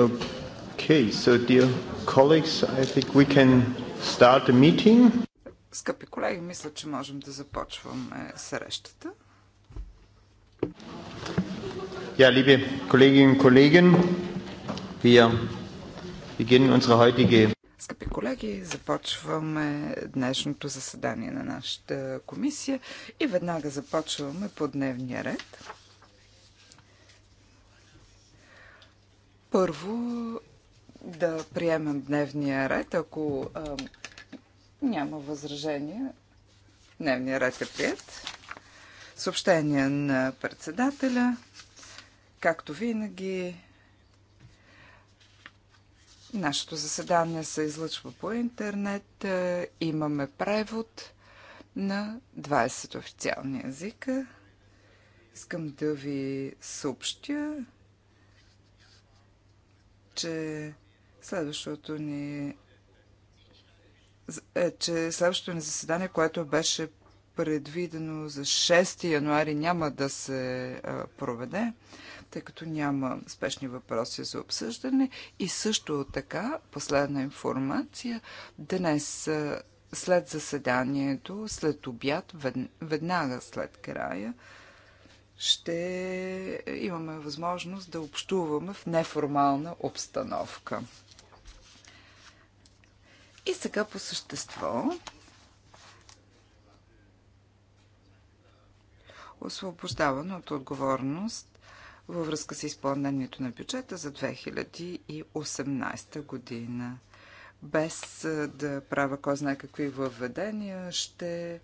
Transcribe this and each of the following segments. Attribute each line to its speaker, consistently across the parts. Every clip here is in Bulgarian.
Speaker 1: Okay, so dear colleagues, I think we can start the meeting.
Speaker 2: Скъпи колеги, мисля, че можем да започваме срещата.
Speaker 1: Ja, liebe Kolleginnen und Kollegen, wir beginnen unsere heutige
Speaker 2: Скъпи колеги, започваме днешното заседание на нашата комисия и веднага започваме по дневния ред. Първо да приемем дневния ред. Ако а, няма възражения, дневния ред е прият. Съобщение на председателя. Както винаги, Нашето заседание се излъчва по интернет. Имаме превод на 20 официални езика. Искам да ви съобщя, че следващото ни е, че следващото ни заседание, което беше предвидено за 6 януари, няма да се проведе, тъй като няма спешни въпроси за обсъждане. И също така, последна информация, днес след заседанието, след обяд, веднага след края, ще имаме възможност да общуваме в неформална обстановка. И сега по същество. Освобождаване от отговорност във връзка с изпълнението на бюджета за 2018 година. Без да правя кой знае какви въведения, ще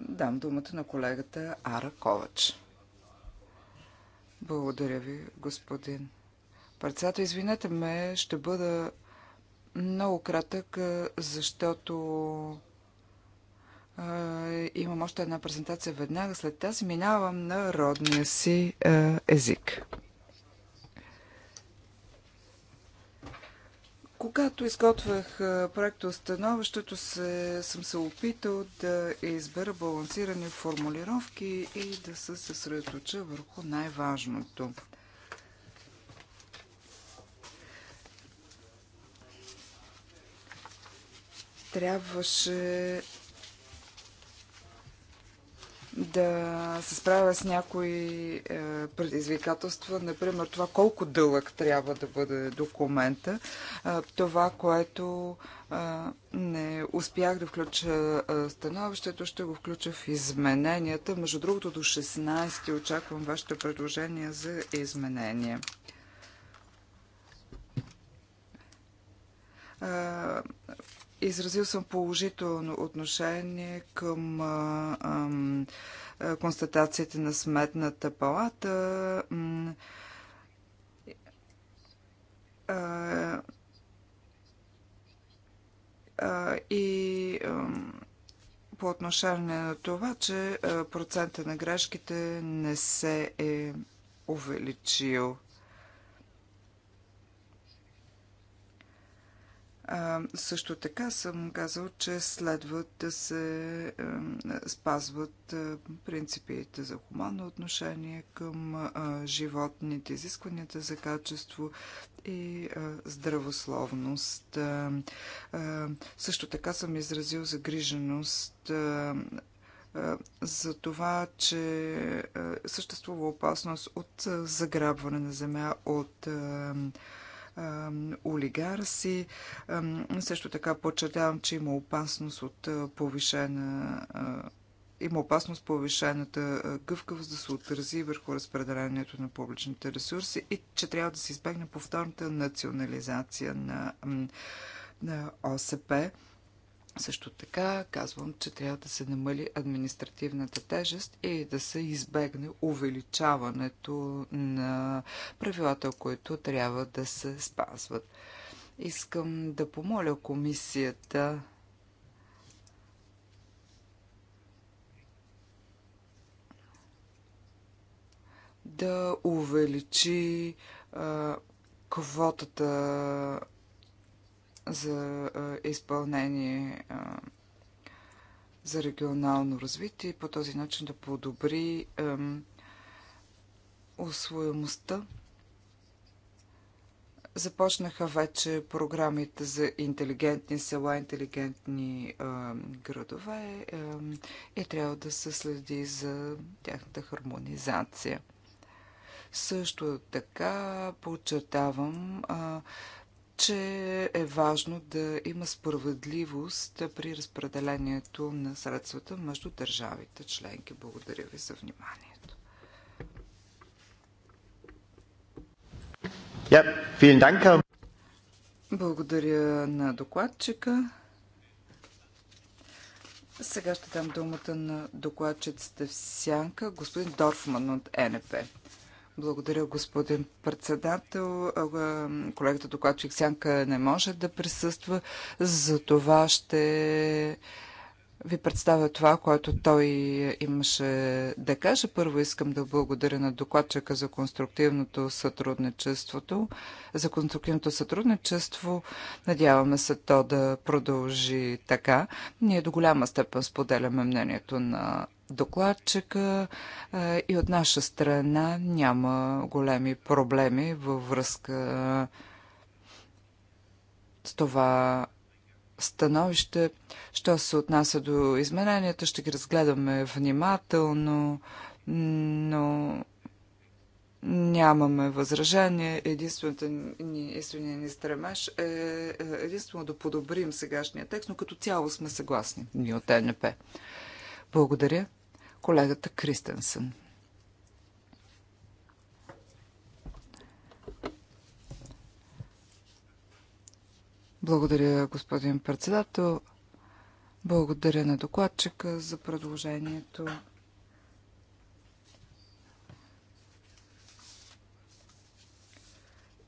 Speaker 2: дам думата на колегата Ара Ковач. Благодаря ви, господин Парцата. Извинете ме, ще бъда много кратък, защото е, имам още една презентация веднага. След тази минавам на родния си е, език. Когато изготвях проекта установището, се, съм се опитал да избера балансирани формулировки и да се съсредоточа върху най-важното. Трябваше да се справя с някои е, предизвикателства, например това колко дълъг трябва да бъде документа, е, това, което е, не успях да включа становището, ще го включа в измененията. Между другото, до 16 очаквам вашите предложения за изменения. Изразил съм положително отношение към констатациите на Сметната палата. и по отношение на това, че процента на грешките не се е увеличил. А, също така съм казал, че следват да се а, спазват а, е, принципите за хуманно отношение към а, е, животните, изискванията за качество и а, е, здравословност. А, а, също така съм изразил загриженост. А, за това, че съществува опасност от заграбване на земя от олигарси. Също така подчертавам, че има опасност от повишена има опасност повишената гъвкавост да се отрази върху разпределението на публичните ресурси и че трябва да се избегне повторната национализация на, на ОСП. Също така казвам, че трябва да се намали административната тежест и да се избегне увеличаването на правилата, които трябва да се спазват. Искам да помоля комисията да увеличи а, квотата за изпълнение за регионално развитие и по този начин да подобри освоемостта. Започнаха вече програмите за интелигентни села, интелигентни а, градове а, и трябва да се следи за тяхната хармонизация. Също така подчертавам а, че е важно да има справедливост при разпределението на средствата между държавите членки. Благодаря ви за вниманието. Благодаря на докладчика. Сега ще дам думата на докладчицата в сянка, господин Дорфман от НП. Благодаря, господин председател. Колегата докладчик Сянка не може да присъства, за това ще ви представя това, което той имаше да каже. Първо искам да благодаря на докладчика за конструктивното сътрудничеството. За конструктивното сътрудничество надяваме се то да продължи така. Ние до голяма степен споделяме мнението на докладчика и от наша страна няма големи проблеми във връзка с това становище. Що се отнася до измененията, ще ги разгледаме внимателно, но нямаме възражение. Единствената ни, единствения ни стремеж е, е единствено да подобрим сегашния текст, но като цяло сме съгласни ни от НП. Благодаря колегата Кристенсен. Благодаря, господин председател. Благодаря на докладчика за предложението.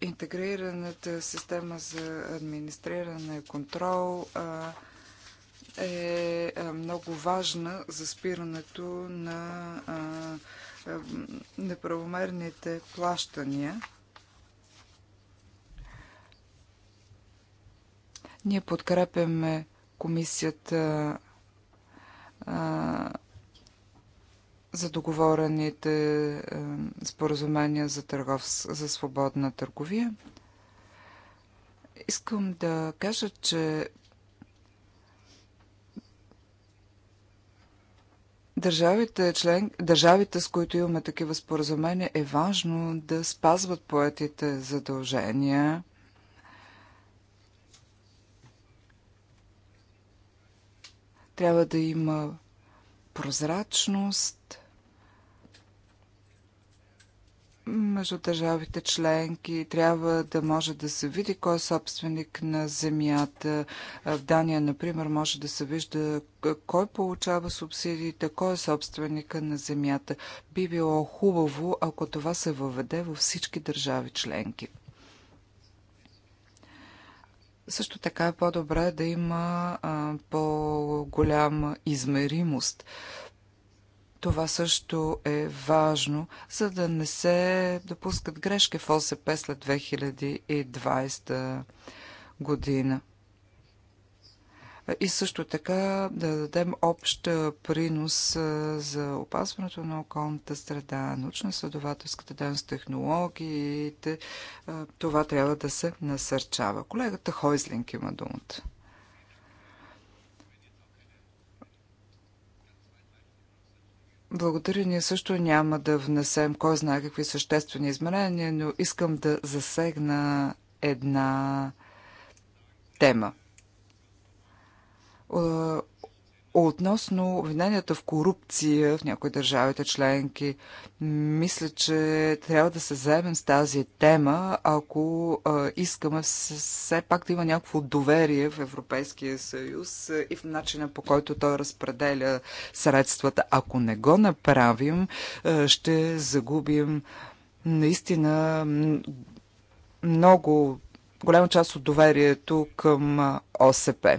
Speaker 2: Интегрираната система за администриране и контрол а, е, е много важна за спирането на неправомерните плащания. Ние подкрепяме комисията за договорените споразумения за, търгов, за свободна търговия. Искам да кажа, че Държавите, член, държавите, с които имаме такива споразумения, е важно да спазват поетите задължения. Трябва да има прозрачност, между държавите членки. Трябва да може да се види кой е собственик на земята. В Дания, например, може да се вижда кой получава субсидиите, кой е собственика на земята. Би било хубаво, ако това се въведе във всички държави членки. Също така е по-добре да има по-голяма измеримост. Това също е важно, за да не се допускат грешки в ОСП след 2020 година. И също така да дадем общ принос за опазването на околната среда, научно-следователската дейност, технологиите. Това трябва да се насърчава. Колегата Хойзлинг има думата. Благодаря. Ние също няма да внесем кой знае какви съществени изменения, но искам да засегна една тема Относно обвиненията в корупция в някои държавите членки, мисля, че трябва да се заемем с тази тема, ако а, искаме все пак да има някакво доверие в Европейския съюз и в начина по който той разпределя средствата. Ако не го направим, а, ще загубим наистина много голяма част от доверието към ОСП.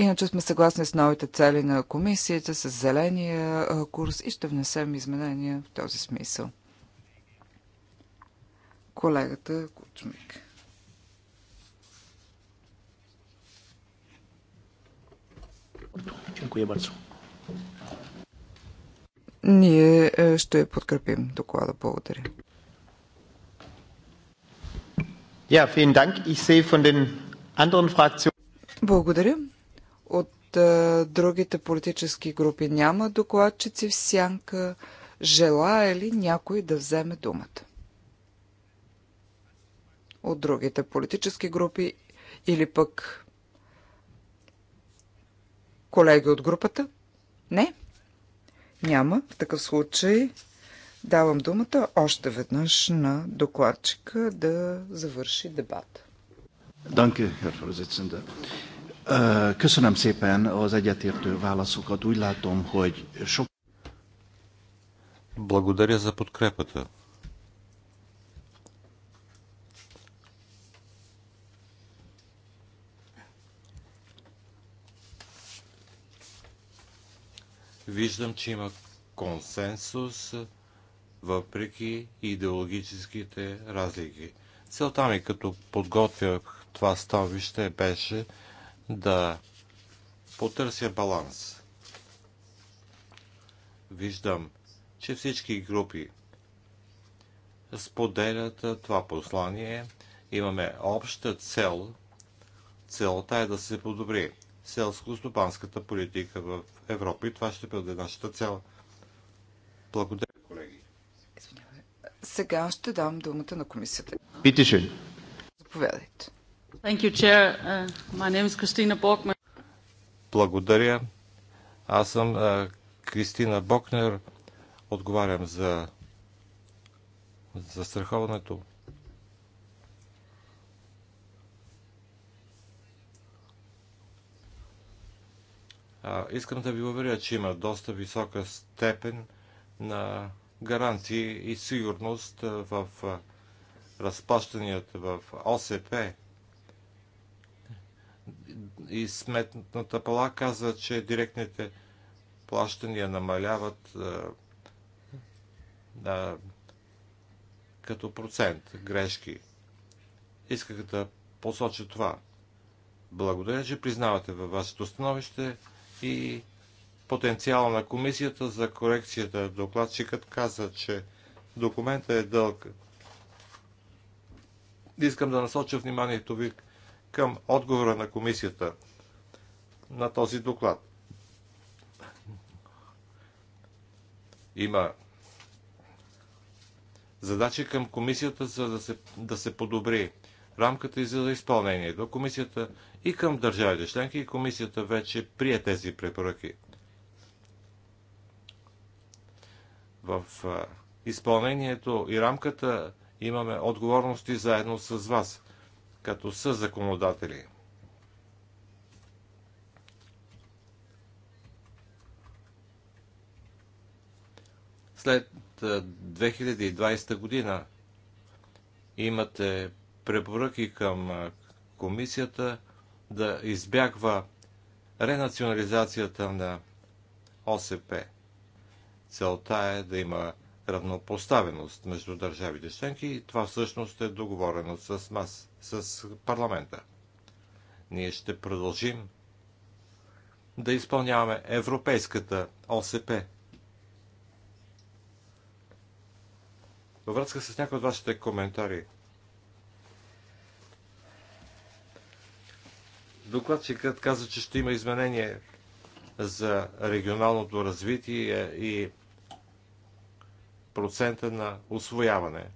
Speaker 2: Иначе сме съгласни с новите цели на комисията, с зеления курс и ще внесем изменения в този смисъл. Колегата Кучмик. Ние е, ще подкрепим доклада. Благодаря.
Speaker 1: Ja, vielen Dank. Ich sehe von den anderen Fraktionen.
Speaker 2: Благодаря. От а, другите политически групи няма докладчици в сянка. Желая ли някой да вземе думата? От другите политически групи или пък колеги от групата? Не? Няма. В такъв случай давам думата още веднъж на докладчика да завърши дебата.
Speaker 3: Danke, Herr Vorsitzender. Köszönöm szépen az egyetértő válaszokat. Úgy látom, hogy
Speaker 4: sok... Благодаря за подкрепата. Виждам, че има консенсус въпреки идеологическите разлики. Целта ми, като подготвях това становище, беше да потърся баланс. Виждам, че всички групи споделят това послание. Имаме обща цел. Целта е да се подобри селско-стопанската политика в Европа и това ще бъде нашата цел. Благодаря,
Speaker 2: колеги. Сега ще дам думата на комисията. Питише. Заповядайте. Uh,
Speaker 4: Благодаря. Аз съм Кристина Бокнер. Отговарям за застраховането. искам да ви уверя, че има доста висока степен на гаранции и сигурност в разплащанията в ОСП и сметната пала каза, че директните плащания намаляват а, а, като процент грешки. Исках да посоча това. Благодаря, че признавате във вашето становище и потенциала на комисията за корекцията. Докладчикът каза, че документа е дълг. Искам да насоча вниманието ви към отговора на комисията на този доклад. Има задачи към комисията, за да се, да се подобри рамката и за е изпълнение до комисията и към държавите членки и комисията вече прие тези препоръки. В изпълнението и рамката имаме отговорности заедно с вас като са законодатели. След 2020 година имате препоръки към комисията да избягва ренационализацията на ОСП. Целта е да има равнопоставеност между държавите членки и това всъщност е договорено с нас, с парламента. Ние ще продължим да изпълняваме европейската ОСП. Във връзка с някои от вашите коментари, докладчикът каза, че ще има изменение за регионалното развитие и процента на освояване.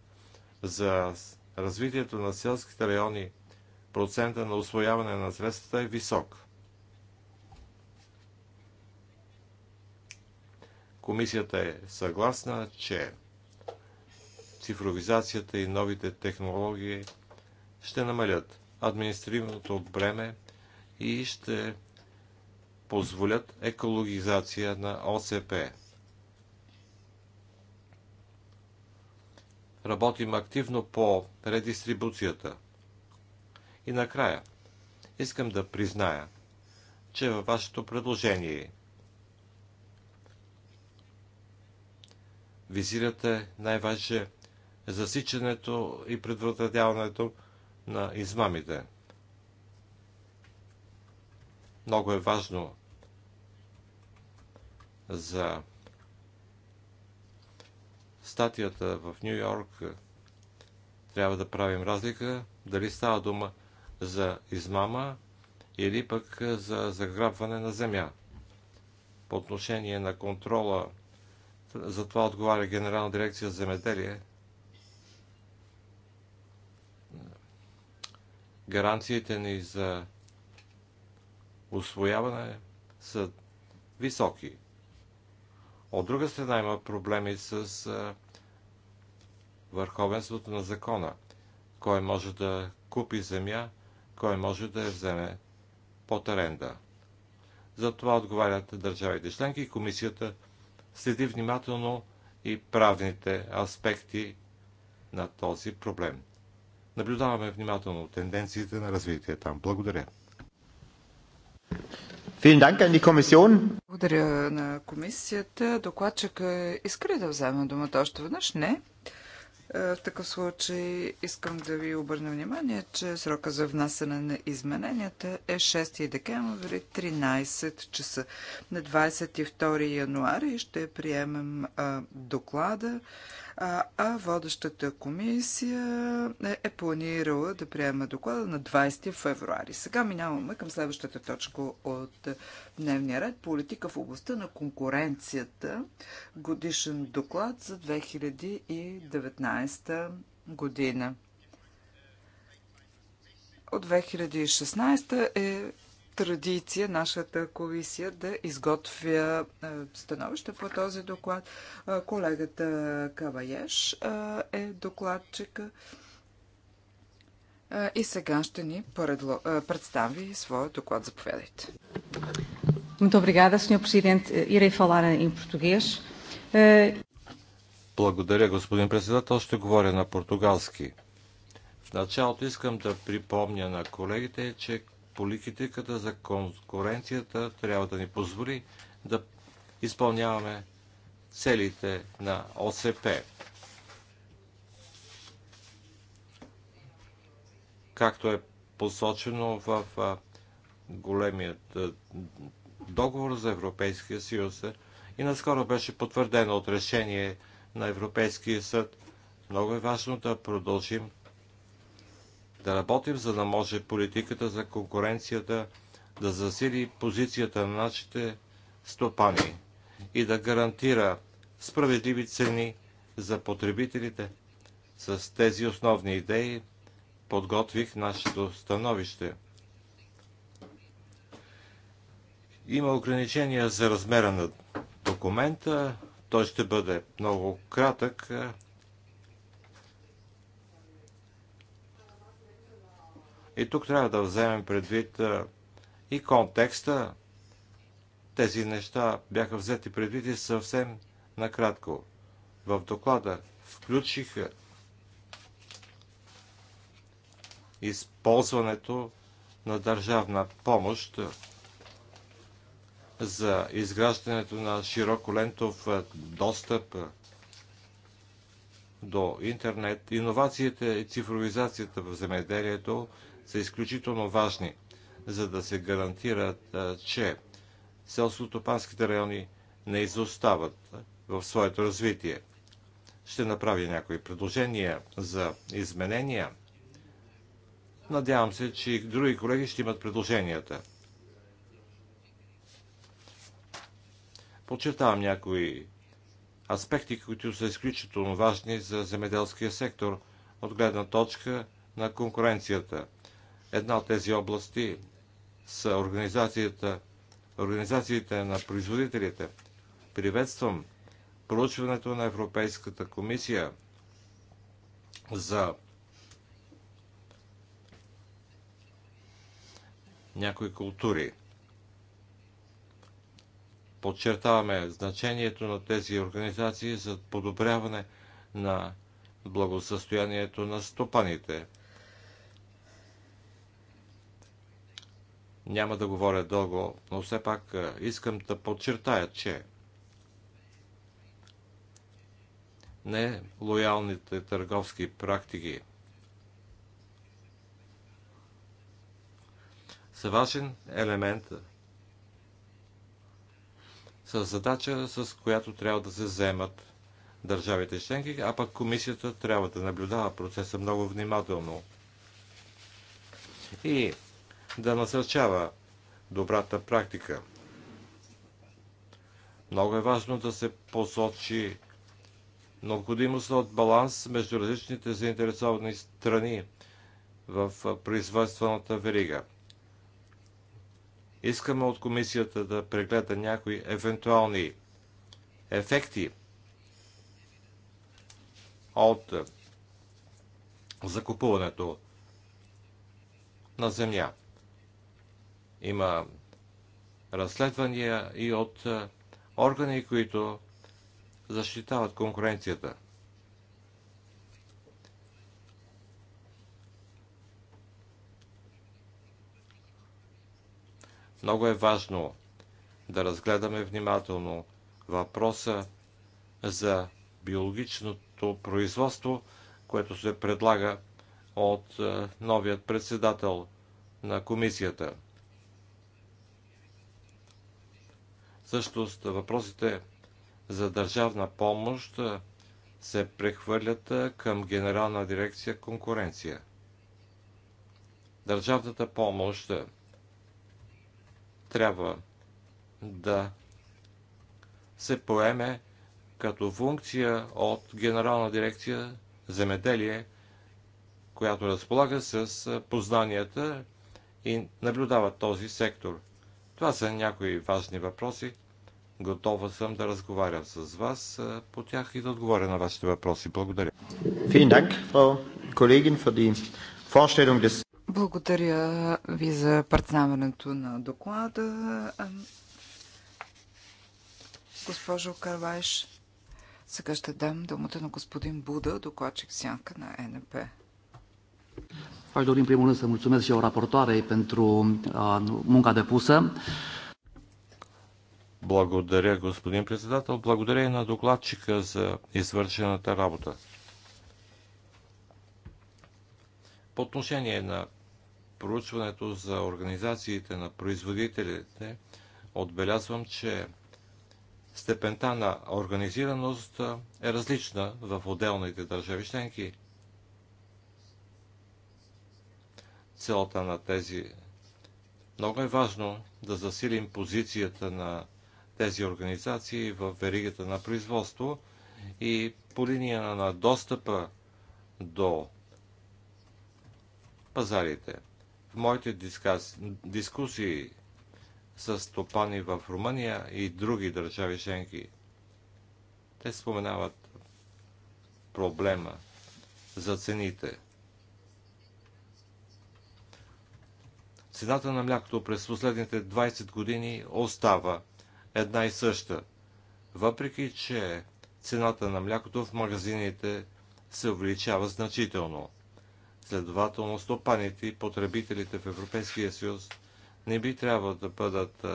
Speaker 4: За развитието на селските райони процента на освояване на средствата е висок. Комисията е съгласна, че цифровизацията и новите технологии ще намалят административното бреме и ще позволят екологизация на ОСП. Работим активно по редистрибуцията. И накрая, искам да призная, че във вашето предложение визирате най важе засичането и предотвратяването на измамите. Много е важно за статията в Нью Йорк е, трябва да правим разлика дали става дума за измама или пък е, за заграбване на земя. По отношение на контрола, за това отговаря Генерална дирекция за земеделие. Гаранциите ни за освояване са високи. От друга страна има проблеми с върховенството на закона. Кой може да купи земя, кой може да я вземе под аренда. За това отговарят държавите членки и комисията следи внимателно и правните аспекти на този проблем. Наблюдаваме внимателно тенденциите на развитие там. Благодаря.
Speaker 2: Благодаря на комисията. Докладчика иска ли да вземе думата още веднъж? Не. Е, в такъв случай искам да ви обърна внимание, че срока за внасяне на измененията е 6 декември 13 часа. На 22 януари ще приемем а, е, доклада, а, е, а водещата комисия е, е планирала да приема доклада на 20 февруари. Сега минаваме към следващата точка от дневния ред. Политика в областта на конкуренцията. Годишен доклад за 2019. 2016 година. От 2016 е традиция нашата комисия да изготвя е, становище по този доклад. Е, колегата Каваеш е, е докладчика и сега ще ни представи своя
Speaker 4: доклад. Заповядайте.
Speaker 5: Muito obrigada, Sr. Presidente. Irei falar em português.
Speaker 4: Благодаря, господин председател. Ще говоря на португалски. В началото искам да припомня на колегите, че политиката за конкуренцията трябва да ни позволи да изпълняваме целите на ОСП. Както е посочено в големият договор за Европейския съюз и наскоро беше потвърдено от решение на Европейския съд. Много е важно да продължим да работим, за да може политиката за конкуренцията да засили позицията на нашите стопани и да гарантира справедливи цени за потребителите. С тези основни идеи подготвих нашето становище. Има ограничения за размера на документа. Той ще бъде много кратък. И тук трябва да вземем предвид и контекста. Тези неща бяха взети предвид и съвсем накратко. В доклада включиха използването на държавна помощ за изграждането на широколентов достъп до интернет. Иновациите и цифровизацията в земеделието са изключително важни, за да се гарантират, че селско топанските райони не изостават в своето развитие. Ще направя някои предложения за изменения. Надявам се, че и други колеги ще имат предложенията. Подчертавам някои аспекти, които са изключително важни за земеделския сектор от гледна точка на конкуренцията. Една от тези области са организацията, организациите на производителите. Приветствам проучването на Европейската комисия за някои култури – Подчертаваме значението на тези организации за подобряване на благосъстоянието на стопаните. Няма да говоря дълго, но все пак е, искам да подчертая, че не лоялните търговски практики са важен елемент са задача, с която трябва да се вземат държавите членки, а пък комисията трябва да наблюдава процеса много внимателно и да насърчава добрата практика. Много е важно да се посочи необходимост от баланс между различните заинтересовани страни в производствената верига. Искаме от комисията да прегледа някои евентуални ефекти от закупуването на земя. Има разследвания и от органи, които защитават конкуренцията. Много е важно да разгледаме внимателно въпроса за биологичното производство, което се предлага от е, новият председател на комисията. Също въпросите за държавна помощ е, се прехвърлят е, към Генерална дирекция конкуренция. Държавната помощ трябва да се поеме като функция от Генерална дирекция земеделие, която разполага с познанията и наблюдава този сектор. Това са някои важни въпроси. Готова съм да разговарям с вас по тях и да отговоря на вашите въпроси. Благодаря.
Speaker 2: Благодаря ви за представянето на доклада. Госпожо Карвайш, сега ще дам думата на господин Буда, докладчик сянка на НП.
Speaker 3: Aș dori în primul rând să mulțumesc și eu raportoarei pentru munca depusă.
Speaker 4: Благодаря, господин председател. Благодаря и на докладчика за извършената работа. По отношение на проучването за организациите на производителите, отбелязвам, че степента на организираност е различна в отделните държави членки. Целта на тези много е важно да засилим позицията на тези организации в веригата на производство и по линия на достъпа до пазарите моите дискус... дискусии с стопани в Румъния и други държави женки, Те споменават проблема за цените. Цената на млякото през последните 20 години остава една и съща, въпреки че цената на млякото в магазините се увеличава значително – Следователно, стопаните и потребителите в Европейския съюз не би трябва да бъдат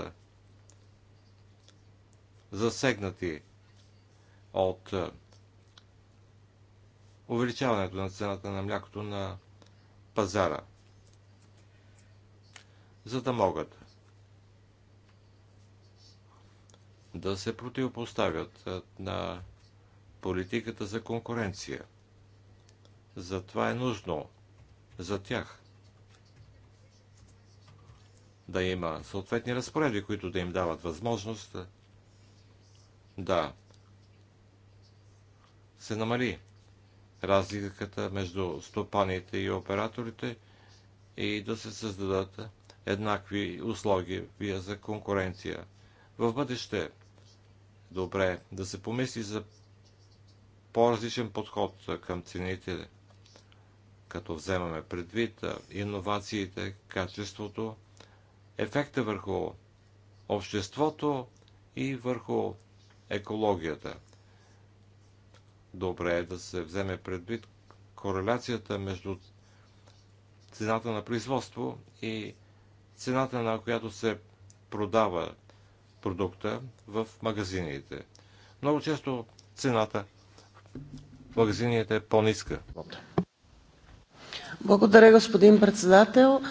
Speaker 4: засегнати от увеличаването на цената на млякото на пазара, за да могат да се противопоставят на политиката за конкуренция. Затова е нужно за тях. Да има съответни разпоредби, които да им дават възможност да се намали разликата между стопаните и операторите и да се създадат еднакви услуги вие за конкуренция. В бъдеще добре да се помисли за по-различен подход към цените като вземаме предвид иновациите, качеството, ефекта върху обществото и върху екологията. Добре е да се вземе предвид кореляцията между цената на производство и цената на която се продава продукта в магазините. Много често цената в магазините е по-ниска.
Speaker 3: Благодаря, господин Председател.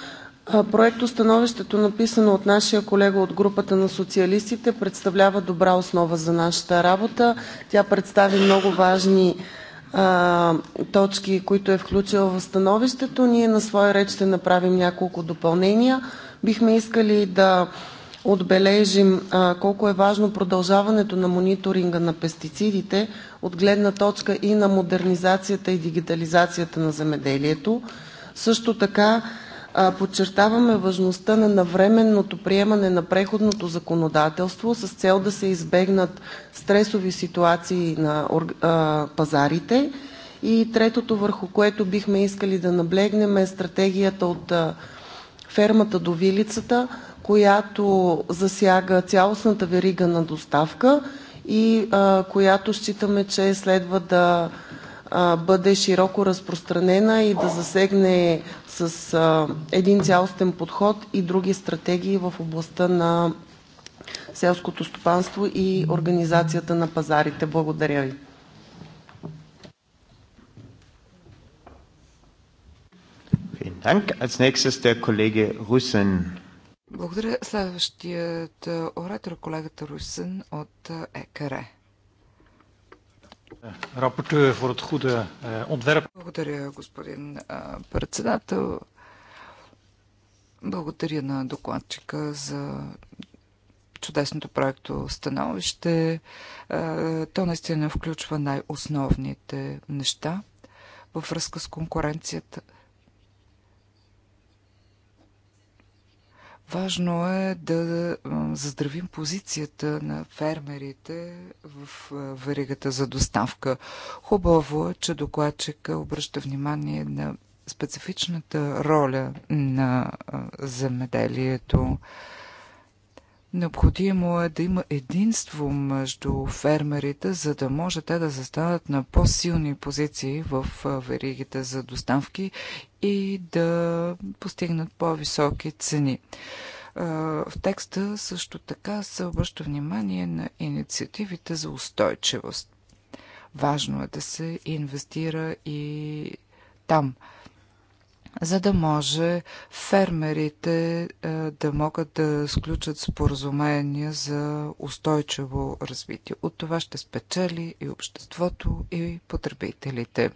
Speaker 3: становището, написано от нашия колега от групата на социалистите, представлява добра основа за нашата работа. Тя представи много важни точки, които е включила в становището. Ние на своя реч ще направим няколко допълнения. Бихме искали да отбележим колко е важно продължаването на мониторинга на пестицидите от гледна точка и на модернизацията и дигитализацията на земеделието. Също така подчертаваме важността на навременното приемане на преходното законодателство с цел да се избегнат стресови ситуации на пазарите. И третото, върху което бихме искали да наблегнем, е стратегията „От фермата до вилицата“, която засяга цялостната верига на доставка и а, която считаме, че следва да а, бъде широко разпространена и да засегне с а, един цялостен подход и други стратегии в областта на селското стопанство и организацията на пазарите. Благодаря ви.
Speaker 1: Vielen Dank. Als nächstes der Kollege Rüssen.
Speaker 2: Благодаря. Следващият оратор, колегата Русен от ЕКР. Е
Speaker 4: е,
Speaker 2: Благодаря, господин председател. Благодаря на докладчика за чудесното проекто становище. То наистина включва най-основните неща във връзка с конкуренцията – Важно е да заздравим позицията на фермерите в веригата за доставка. Хубаво е, че докладчика обръща внимание на специфичната роля на земеделието. Необходимо е да има единство между фермерите, за да може те да застанат на по-силни позиции в веригите за доставки и да постигнат по-високи цени. В текста също така се обръща внимание на инициативите за устойчивост. Важно е да се инвестира и там – за да може фермерите е, да могат да сключат споразумения за устойчиво развитие. От това ще спечели и обществото, и потребителите.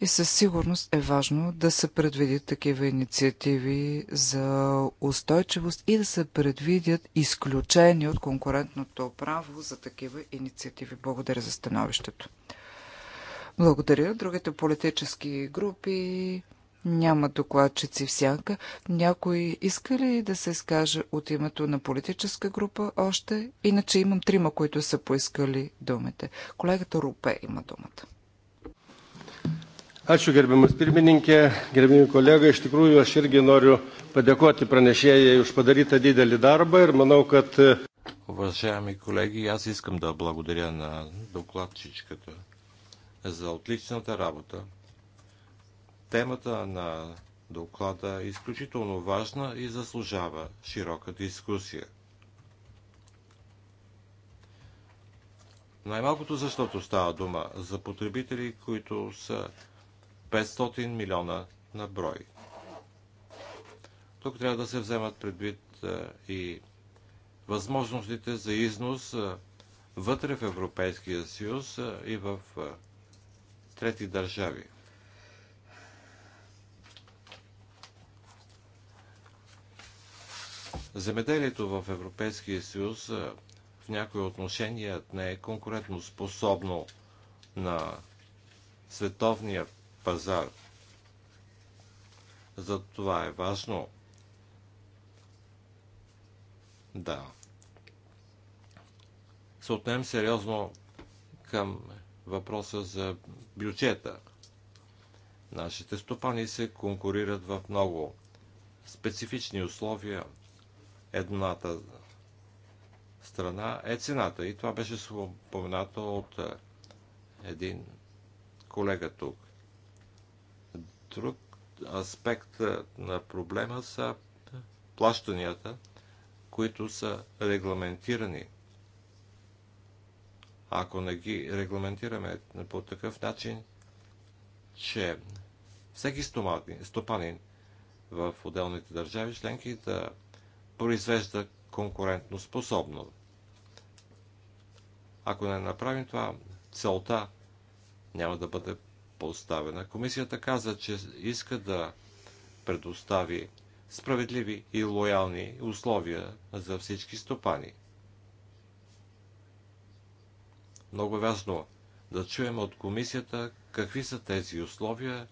Speaker 2: И със сигурност е важно да се предвидят такива инициативи за устойчивост и да се предвидят изключения от конкурентното право за такива инициативи. Благодаря за становището. Благодаря. Другите политически групи няма докладчици всяка. Някой иска ли да се изкаже от името на политическа група още? Иначе имам трима, които са поискали думите. Колегата Рупе има думата.
Speaker 4: Ačiū gerbiamas pirmininkė, gerbiami kolega, iš tikrųjų aš irgi noriu padėkoti pranešėjai už padarytą didelį darbą ir manau, kad... Уважаеми колеги, aš искам da благодаря na докладчичката за отличната работа. Темата на доклада е изключително важна и заслужава широка дискусия. Най-малкото защото става дума за потребители, които са 500 милиона на брой. Тук трябва да се вземат предвид е, и възможностите за износ е, вътре в Европейския съюз е, и в трети държави. Земеделието в Европейския съюз в някои отношения не е конкурентно способно на световния пазар. За това е важно да се отнем сериозно към въпроса за бюджета. Нашите стопани се конкурират в много специфични условия. Едната страна е цената. И това беше споменато от един колега тук. Друг аспект на проблема са плащанията, които са регламентирани ако не ги регламентираме по такъв начин, че всеки стопанин в отделните държави членки да произвежда конкурентно способно. Ако не направим това, целта няма да бъде поставена. Комисията каза, че иска да предостави справедливи и лоялни условия за всички стопани – Много важно да чуем от комисията какви са тези условия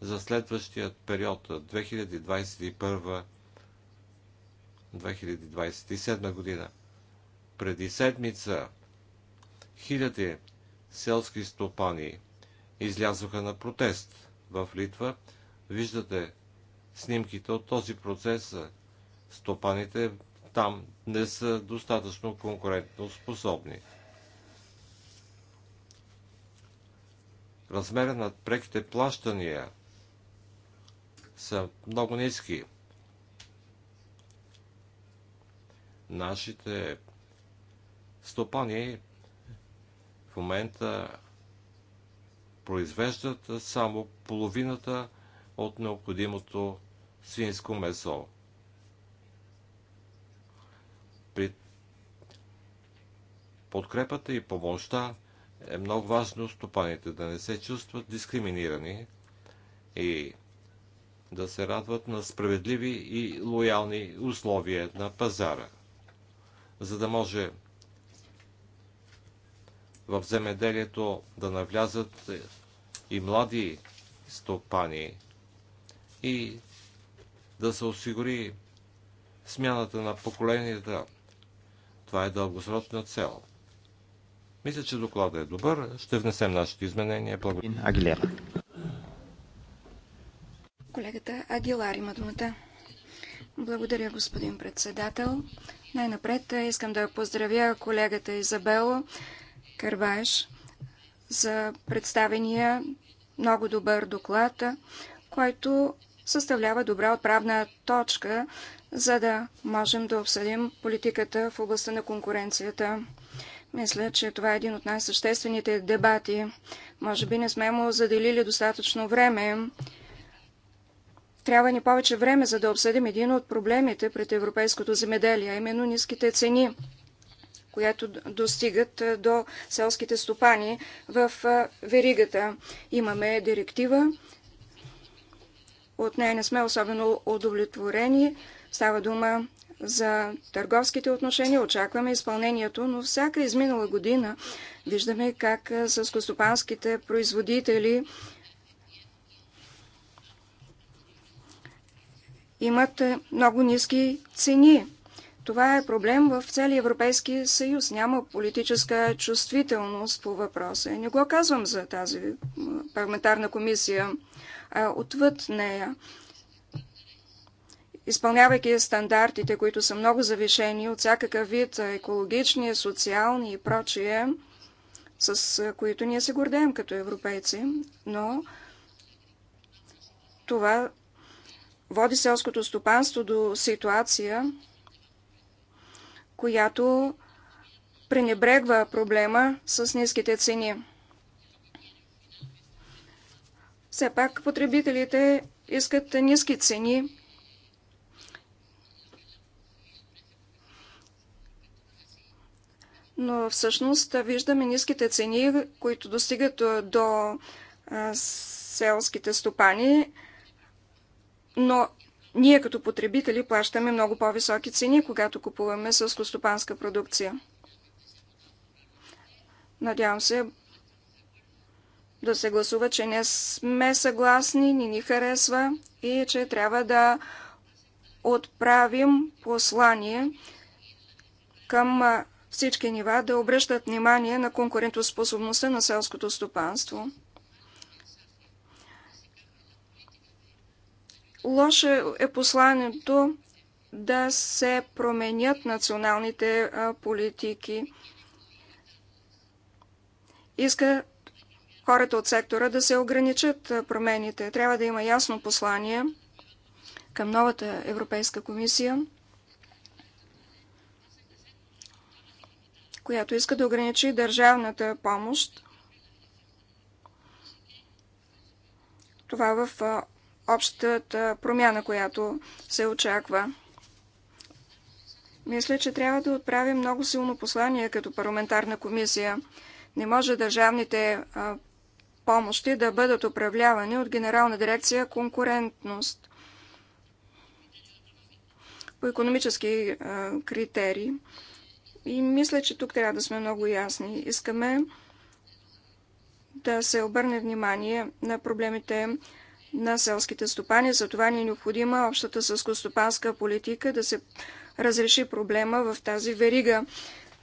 Speaker 4: за следващия период 2021-2027 година. Преди седмица хиляди селски стопани излязоха на протест в Литва. Виждате снимките от този процес. Стопаните там не са достатъчно конкурентно способни. Размерът на преките плащания са много ниски. Нашите стопани в момента произвеждат само половината от необходимото свинско месо. Подкрепата и помощта е много важно стопаните да не се чувстват дискриминирани и да се радват на справедливи и лоялни условия на пазара, за да може в земеделието да навлязат и млади стопани и да се осигури смяната на поколенията. Това е дългосрочна цел. Мисля, че докладът е добър. Ще внесем нашите изменения. Благодаря. Агилера.
Speaker 5: Колегата Агилар има думата. Благодаря, господин председател. Най-напред е, искам да поздравя колегата Изабело Карваш за представения много добър доклад, който съставлява добра отправна точка, за да можем да обсъдим политиката в областта на конкуренцията. Мисля, че това е един от най-съществените дебати. Може би не сме му заделили достатъчно време. Трябва ни повече време, за да обсъдим един от проблемите пред европейското земеделие, а именно ниските цени, които достигат до селските стопани в веригата. Имаме директива, от нея не сме особено удовлетворени. Става дума за търговските отношения. Очакваме изпълнението, но всяка изминала година виждаме как съскостопанските производители имат много ниски цени. Това е проблем в целия Европейски съюз. Няма политическа чувствителност по въпроса. Не го казвам за тази парламентарна комисия, а отвъд нея изпълнявайки стандартите, които са много завишени от всякакъв вид екологични, социални и прочие, с които ние се гордеем като европейци, но това води селското стопанство до ситуация, която пренебрегва проблема с ниските цени. Все пак потребителите искат ниски цени, но всъщност виждаме ниските цени, които достигат до селските стопани, но ние като потребители плащаме много по-високи цени, когато купуваме сълскостопанска продукция. Надявам се да се гласува, че не сме съгласни, ни ни харесва и че трябва да отправим послание към всички нива да обръщат внимание на конкурентоспособността на селското стопанство. Лошо е посланието да се променят националните политики. Иска хората от сектора да се ограничат промените. Трябва да има ясно послание към новата Европейска комисия – която иска да ограничи държавната помощ. Това в общата промяна, която се очаква. Мисля, че трябва да отправим много силно послание като парламентарна комисия. Не може държавните помощи да бъдат управлявани от Генерална дирекция конкурентност по економически критерии. И мисля, че тук трябва да сме много ясни. Искаме да се обърне внимание на проблемите на селските стопани. За това ни е необходима общата сълскостопанска политика да се разреши проблема в тази верига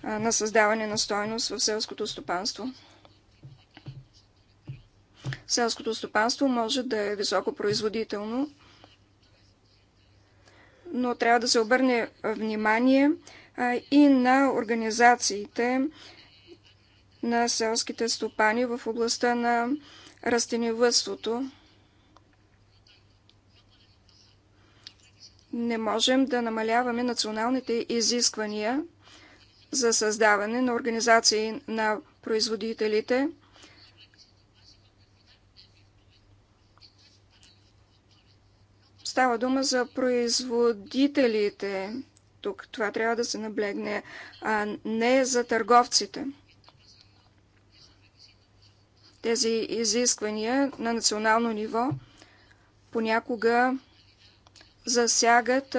Speaker 5: на създаване на стойност в селското стопанство. Селското стопанство може да е високо производително, но трябва да се обърне внимание и на организациите на селските стопани в областта на растениевътството. Не можем да намаляваме националните изисквания за създаване на организации на производителите. Става дума за производителите тук това трябва да се наблегне, а не за търговците. Тези изисквания на национално ниво понякога засягат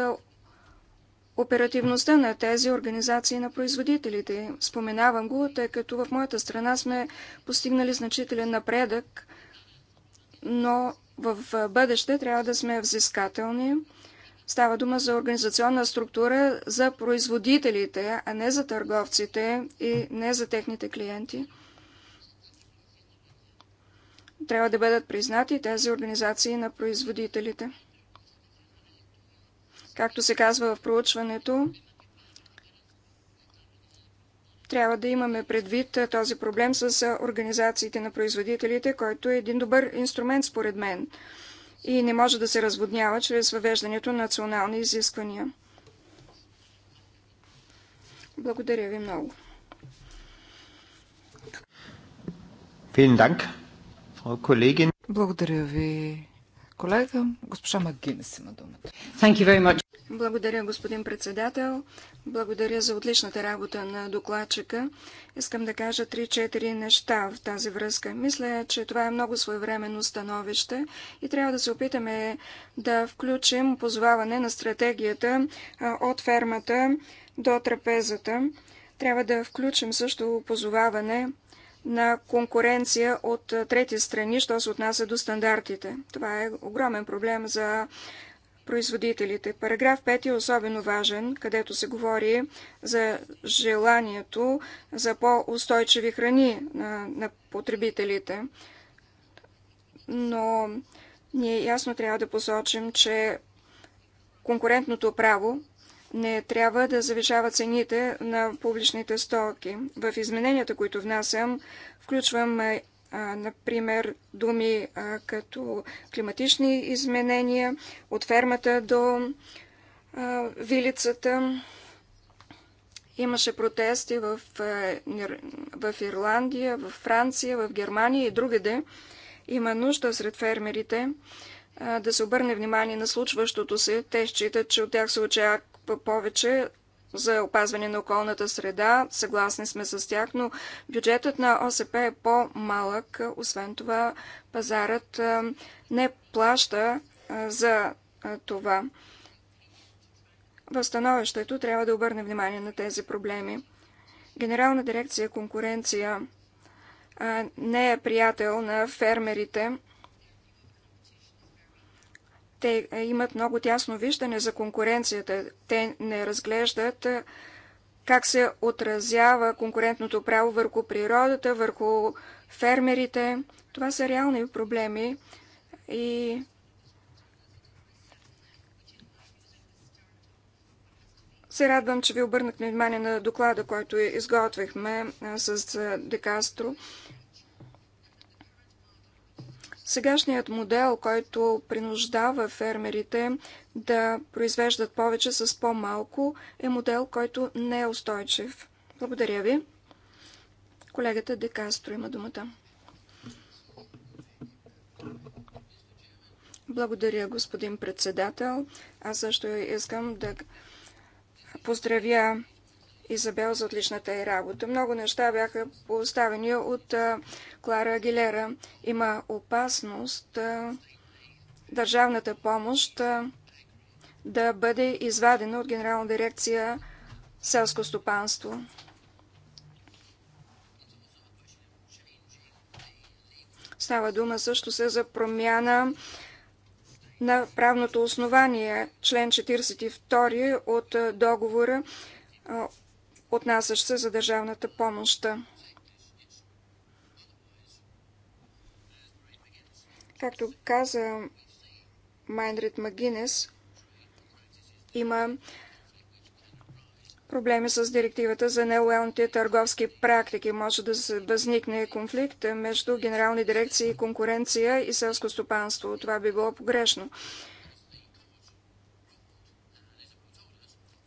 Speaker 5: оперативността на тези организации на производителите. Споменавам го, тъй като в моята страна сме постигнали значителен напредък, но в бъдеще трябва да сме взискателни Става дума за организационна структура за производителите, а не за търговците и не за техните клиенти. Трябва да бъдат признати тези организации на производителите. Както се казва в проучването, трябва да имаме предвид този проблем с организациите на производителите, който е един добър инструмент според мен и не може да се разводнява чрез въвеждането на национални изисквания. Благодаря ви много.
Speaker 1: Благодаря ви, колега. Госпожа Магинес има думата.
Speaker 5: Благодаря, господин председател. Благодаря за отличната работа на докладчика. Искам да кажа 3-4 неща в тази връзка. Мисля, че това е много своевременно становище и трябва да се опитаме да включим позоваване на стратегията от фермата до трапезата. Трябва да включим също позоваване на конкуренция от е, трети страни, що се отнася до стандартите. Това е огромен проблем за производителите. Параграф 5 е особено важен, където се говори за желанието за по-устойчиви храни на, на потребителите. Но ние ясно трябва да посочим, че конкурентното право не трябва да завишава цените на публичните стоки. В измененията, които внасям, включвам, например, думи като климатични изменения, от фермата до вилицата. Имаше протести в, в Ирландия, в Франция, в Германия и другаде. Има нужда сред фермерите да се обърне внимание на случващото се. Те считат, че от тях се очаква повече за опазване на околната среда. Съгласни сме с тях, но бюджетът на ОСП е по-малък. Освен това, пазарът не плаща за това. В становището трябва да обърне внимание на тези проблеми. Генерална дирекция конкуренция не е приятел на фермерите те е, имат много тясно виждане за конкуренцията. Те не разглеждат е, как се отразява конкурентното право върху природата, върху фермерите. Това са реални проблеми и се радвам, че ви обърнахме внимание на доклада, който изготвихме е, с Декастро. Сегашният модел, който принуждава фермерите да произвеждат повече с по-малко, е модел, който не е устойчив. Благодаря ви. Колегата Декастро има думата. Благодаря, господин председател. Аз също искам да поздравя Изабел за отличната й работа. Много неща бяха поставени от Клара Агилера. Има опасност държавната помощ да бъде извадена от Генерална дирекция селско стопанство. Става дума също се за промяна на правното основание, член 42 от договора отнасящ се за държавната помощ. Както каза Майндрит Магинес, има проблеми с директивата за нелоялните търговски практики. Може да се възникне конфликт между генерални дирекции конкуренция и селско стопанство. Това би било погрешно.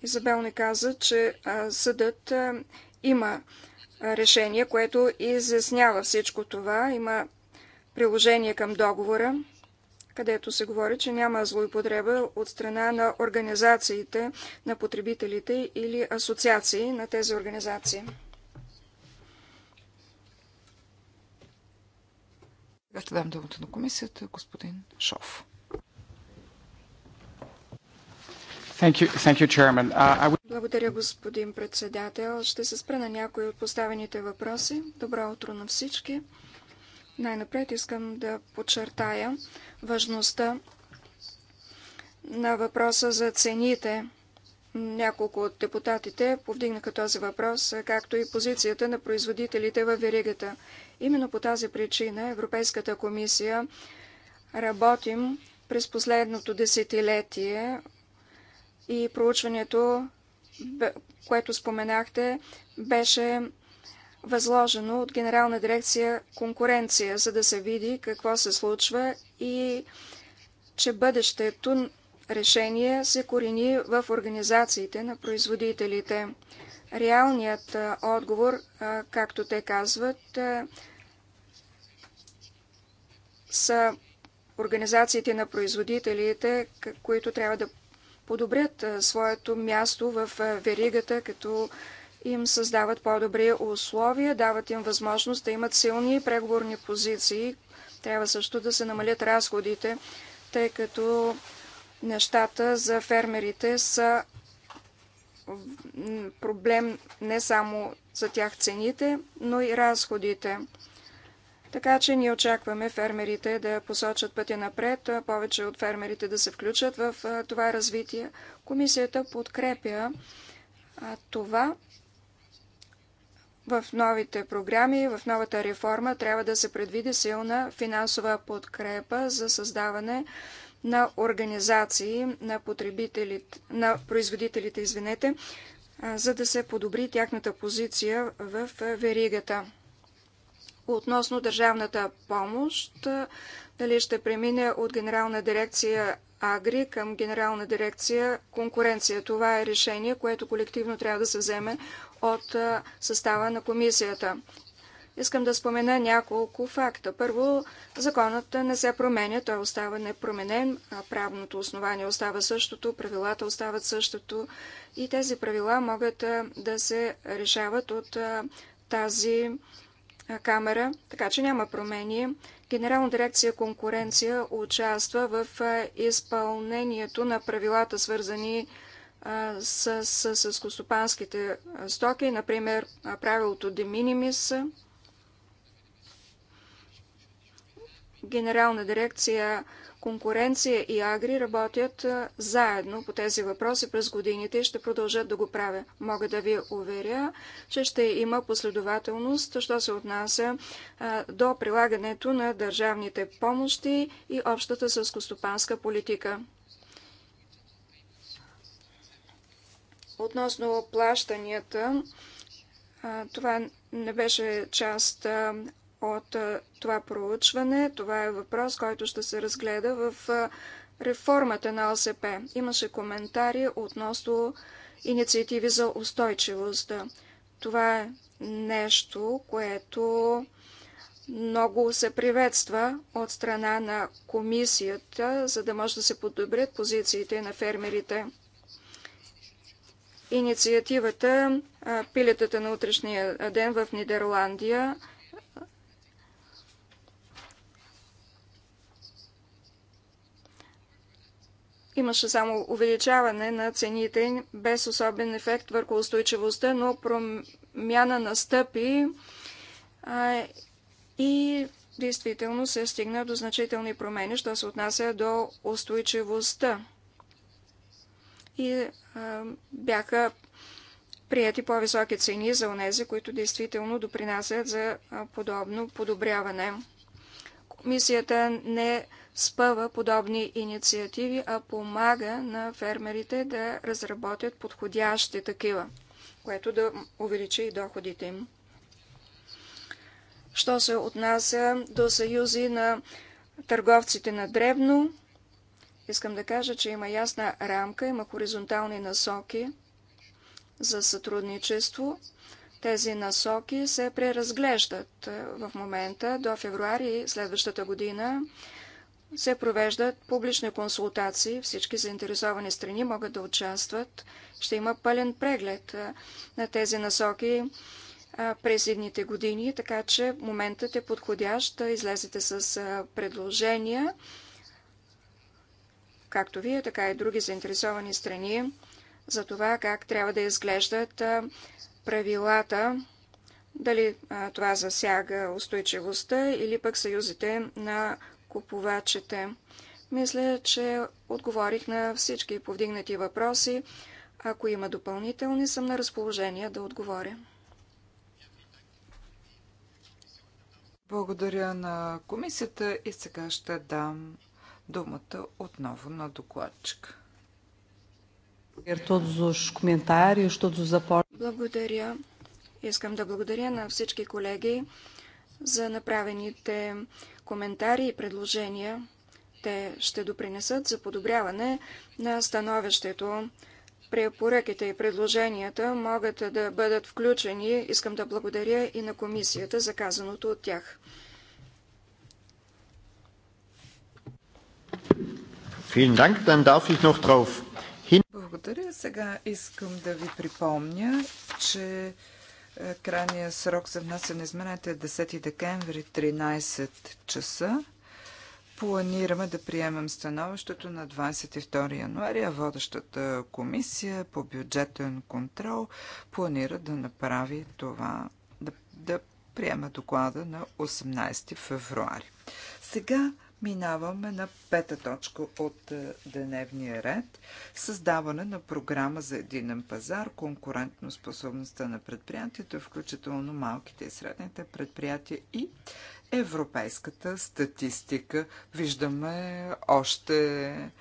Speaker 5: Изабел не каза, че съдът има решение, което изяснява всичко това. Има приложение към договора, където се говори, че няма злоупотреба от страна на организациите на потребителите или асоциации на тези организации.
Speaker 2: Сега ще дам думата на комисията, господин Шов. Uh,
Speaker 5: Благодаря, господин председател. Ще се спра на някои от поставените въпроси. Добро утро на всички. Най-напред искам да подчертая важността на въпроса за цените. Няколко от депутатите повдигнаха този въпрос, както и позицията на производителите във веригата. Именно по тази причина Европейската комисия работим през последното десетилетие и проучването, което споменахте, беше възложено от Генерална дирекция конкуренция, за да се види какво се случва и че бъдещето решение се корени в организациите на производителите. Реалният отговор, както те казват, са организациите на производителите, които трябва да подобрят своето място в веригата, като им създават по-добри условия, дават им възможност да имат силни преговорни позиции. Трябва също да се намалят разходите, тъй като нещата за фермерите са проблем не само за тях цените, но и разходите. Така че ние очакваме фермерите да посочат пътя напред, повече от фермерите да се включат в това развитие. Комисията подкрепя това в новите програми, в новата реформа трябва да се предвиди силна финансова подкрепа за създаване на организации на, потребителите, на производителите, извинете, за да се подобри тяхната позиция в веригата относно държавната помощ, дали ще премине от Генерална дирекция Агри към Генерална дирекция Конкуренция. Това е решение, което колективно трябва да се вземе от състава на комисията. Искам да спомена няколко факта. Първо, законът не се променя, той остава непроменен, правното основание остава същото, правилата остават същото и тези правила могат да се решават от тази камера, така че няма промени. Генерална дирекция конкуренция участва в изпълнението на правилата, свързани с, с, с стоки, например правилото de minimis. Генерална дирекция конкуренция и Агри работят заедно по тези въпроси през годините и ще продължат да го правя. Мога да ви уверя, че ще има последователност, що се отнася до прилагането на държавните помощи и общата сълскостопанска политика. Относно плащанията, това не беше част от това проучване. Това е въпрос, който ще се разгледа в реформата на ОСП. Имаше коментари относно инициативи за устойчивост. Това е нещо, което много се приветства от страна на комисията, за да може да се подобрят позициите на фермерите. Инициативата Пилетата на утрешния ден в Нидерландия – Имаше само увеличаване на цените без особен ефект върху устойчивостта, но промяна настъпи а, и действително се стигна до значителни промени, що се отнася до устойчивостта. И а, бяха прияти по-високи цени за онези, които действително допринасят за подобно подобряване. Комисията не спъва подобни инициативи, а помага на фермерите да разработят подходящи такива, което да увеличи и доходите им. Що се отнася до съюзи на търговците на дребно, искам да кажа, че има ясна рамка, има хоризонтални насоки за сътрудничество. Тези насоки се преразглеждат в момента до февруари следващата година се провеждат публични консултации. Всички заинтересовани страни могат да участват. Ще има пълен преглед на тези насоки през едните години, така че моментът е подходящ да излезете с предложения, както вие, така и други заинтересовани страни, за това как трябва да изглеждат правилата, дали това засяга устойчивостта или пък съюзите на купувачите. Мисля, че отговорих на всички повдигнати въпроси. Ако има допълнителни, съм на разположение да отговоря.
Speaker 2: Благодаря на комисията и сега ще дам думата отново на докладчика.
Speaker 5: Благодаря. Искам да благодаря на всички колеги за направените коментари и предложения. Те ще допринесат за подобряване на становището. Препоръките и предложенията могат да бъдат включени. Искам да благодаря и на комисията за казаното от тях.
Speaker 2: Благодаря. Сега искам да ви припомня, че е, Крайния срок за внасяне измененията е 10 декември 13 часа. Планираме да приемем становището на 22 а Водещата комисия по бюджетен контрол планира да направи това, да, да приема доклада на 18 февруари. Сега Минаваме на пета точка от е, дневния ред. Създаване на програма за единен пазар, конкурентно способността на предприятието, включително малките и средните предприятия и европейската статистика. Виждаме още,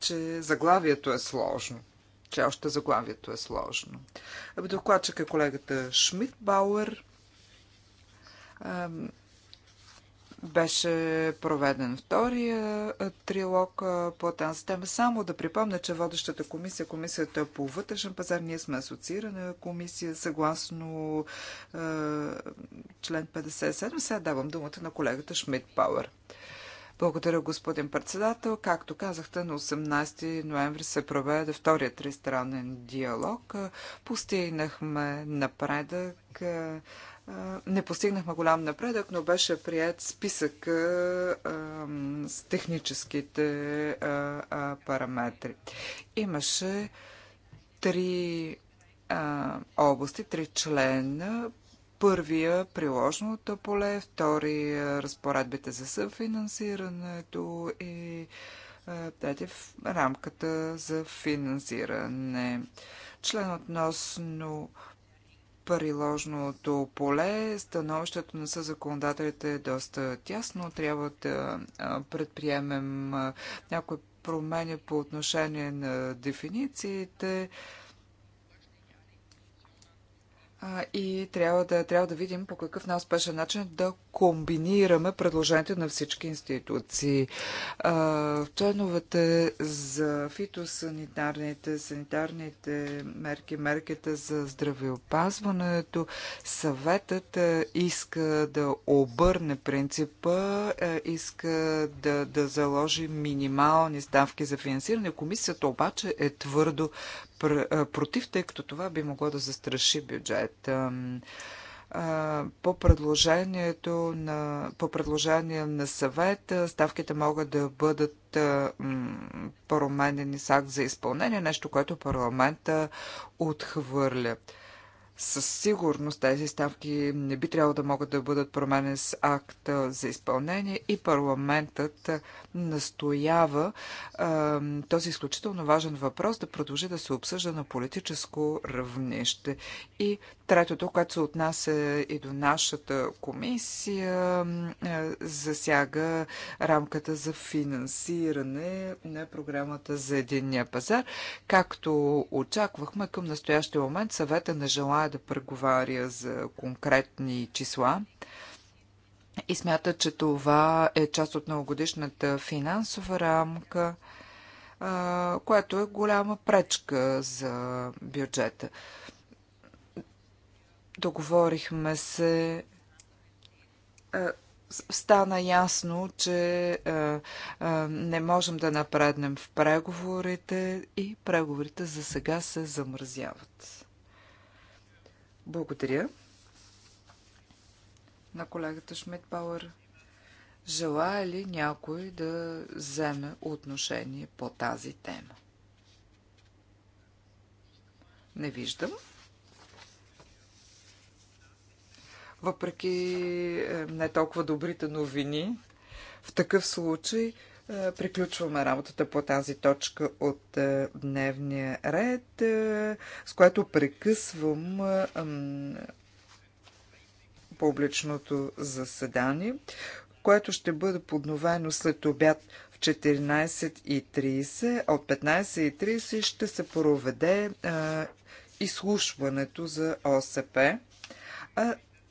Speaker 2: че заглавието е сложно че още заглавието е сложно. Докладчик е колегата Шмидт Бауер. Беше проведен втория трилог по тази тема. Само да припомня, че водещата комисия, комисията по вътрешен пазар, ние сме асоциирана комисия, съгласно е, член 57. Сега давам думата на колегата Шмидт Пауър. Благодаря, господин председател. Както казахте, на 18 ноември се проведе втория тристранен диалог. Постигнахме напредък не постигнахме голям напредък, но беше прият списък с техническите параметри. Имаше три области, три члена. Първия приложното поле, втория разпоредбите за съфинансирането и дайте рамката за финансиране. Член относно приложното поле. Становището на съзаконодателите е доста тясно. Трябва да предприемем някои промени по отношение на дефинициите а, и трябва да, трябва да видим по какъв най-успешен начин да комбинираме предложението на всички институции. В членовете за фитосанитарните, санитарните мерки, мерките за здравеопазването, съветът иска да обърне принципа, иска да, да заложи минимални ставки за финансиране. Комисията обаче е твърдо против, тъй като това би могло да застраши бюджет. по предложението на, по предложение на съвет ставките могат да бъдат променени с акт за изпълнение, нещо, което парламента отхвърля. Със сигурност тези ставки не би трябвало да могат да бъдат променени с акт за изпълнение и парламентът настоява е, този изключително важен въпрос да продължи да се обсъжда на политическо равнище. И третото, което се отнася и до нашата комисия, е, засяга рамката за финансиране на програмата за единния пазар. Както очаквахме към настоящия момент, съвета не желая желая да преговаря за конкретни числа и смята, че това е част от многогодишната финансова рамка, която е голяма пречка за бюджета. Договорихме се стана ясно, че не можем да напреднем в преговорите и преговорите за сега се замразяват. Благодаря на колегата Шмидт Пауър. Желая ли някой да вземе отношение по тази тема? Не виждам. Въпреки е, не толкова добрите новини, в такъв случай е, приключваме работата по тази точка от е, дневния ред, е, с което прекъсвам публичното заседание, което ще бъде подновено след обяд в 14.30. От 15.30 ще се проведе изслушването за ОСП.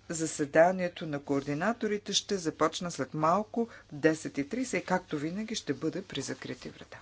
Speaker 2: Заседанието на координаторите ще започна след малко в 10.30 и както винаги ще бъде при закрити врата.